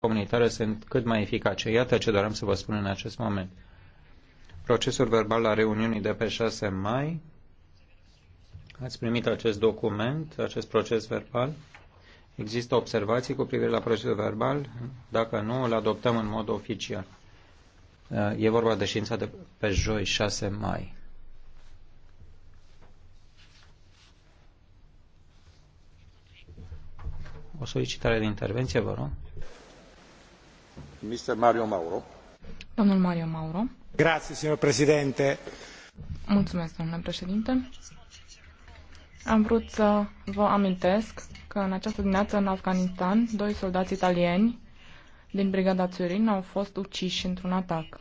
comunitare sunt cât mai eficace. Iată ce doream să vă spun în acest moment. Procesul verbal la reuniunii de pe 6 mai. Ați primit acest document, acest proces verbal. Există observații cu privire la procesul verbal? Dacă nu, îl adoptăm în mod oficial. Uh, e vorba de știința de pe joi, 6 mai. O solicitare de intervenție, vă rog. Mario Mauro. Mulțumesc, domnule președinte. Am vrut să vă amintesc că în această dimineață în Afganistan, doi soldați italieni din Brigada Țurin au fost uciși într-un atac.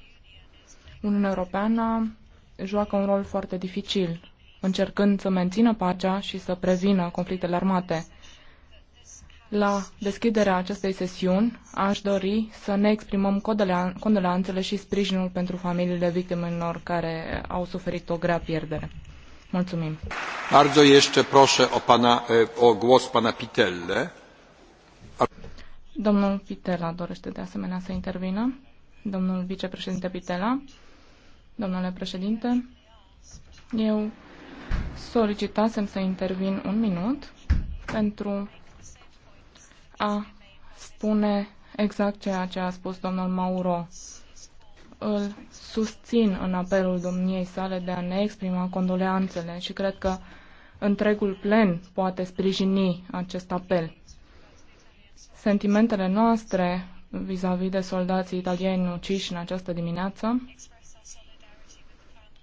Uniunea Europeană joacă un rol foarte dificil, încercând să mențină pacea și să prevină conflictele armate. La deschiderea acestei sesiuni, aș dori să ne exprimăm condoleanțele și sprijinul pentru familiile victimelor care au suferit o grea pierdere. Mulțumim. Bardzo jeszcze proszę o, pana, o głos pana Pitelle. Domnul Pitela dorește de asemenea să intervină. Domnul vicepreședinte Pitela. Domnule președinte, eu solicitasem să intervin un minut pentru a spune exact ceea ce a spus domnul Mauro. Îl susțin în apelul domniei sale de a ne exprima condoleanțele și cred că întregul plen poate sprijini acest apel. Sentimentele noastre vis-a-vis -vis de soldații italieni uciși în această dimineață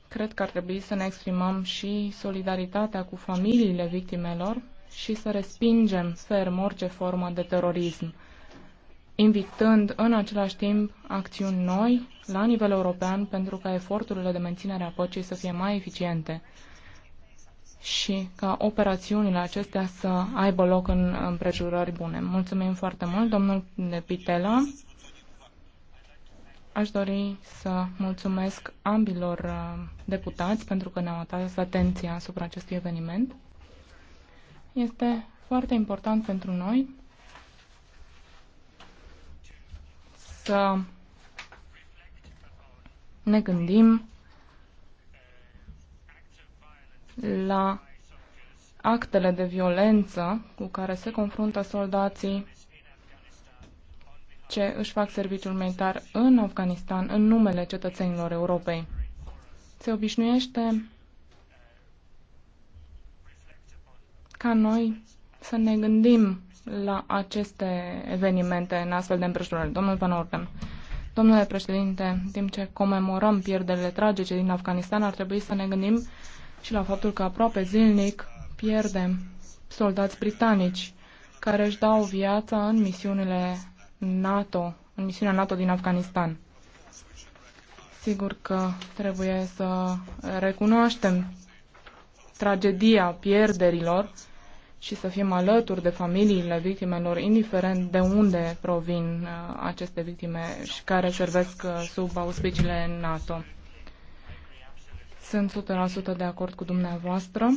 cred că ar trebui să ne exprimăm și solidaritatea cu familiile victimelor și să respingem ferm orice formă de terorism, invitând în același timp acțiuni noi la nivel european pentru ca eforturile de menținere a păcii să fie mai eficiente și ca operațiunile acestea să aibă loc în împrejurări bune. Mulțumim foarte mult, domnul Pitela. Aș dori să mulțumesc ambilor uh, deputați pentru că ne-au atras atenția asupra acestui eveniment este foarte important pentru noi să ne gândim la actele de violență cu care se confruntă soldații ce își fac serviciul militar în Afganistan în numele cetățenilor Europei. Se obișnuiește ca noi să ne gândim la aceste evenimente în astfel de împrejurări. Domnul Van Orden. Domnule președinte, în timp ce comemorăm pierderile tragice din Afganistan, ar trebui să ne gândim și la faptul că aproape zilnic pierdem soldați britanici care își dau viața în misiunile NATO, în misiunea NATO din Afganistan. Sigur că trebuie să recunoaștem tragedia pierderilor și să fim alături de familiile victimelor, indiferent de unde provin uh, aceste victime și care servesc uh, sub auspiciile NATO. Sunt 100% de acord cu dumneavoastră,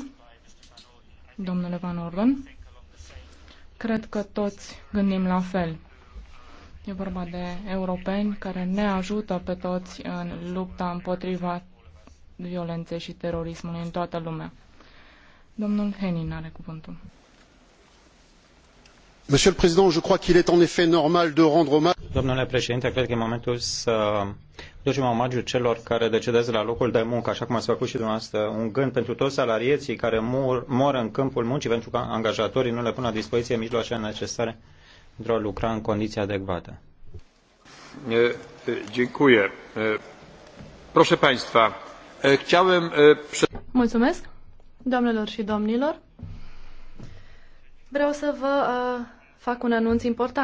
domnule Van Orden. Cred că toți gândim la fel. E vorba de europeni care ne ajută pe toți în lupta împotriva violenței și terorismului în toată lumea. Monsieur le Président, je crois qu'il est en effet normal de rendre hommage. Domnule președinte, cred că e momentul să aducem omagiu celor care decedează la locul de muncă, așa cum ați făcut și dumneavoastră, un gând pentru toți salarieții care mor, mor în câmpul muncii pentru că angajatorii nu le pun la dispoziție mijloacele necesare pentru a lucra în condiții adecvate. Mulțumesc. Doamnelor și domnilor, vreau să vă uh, fac un anunț important.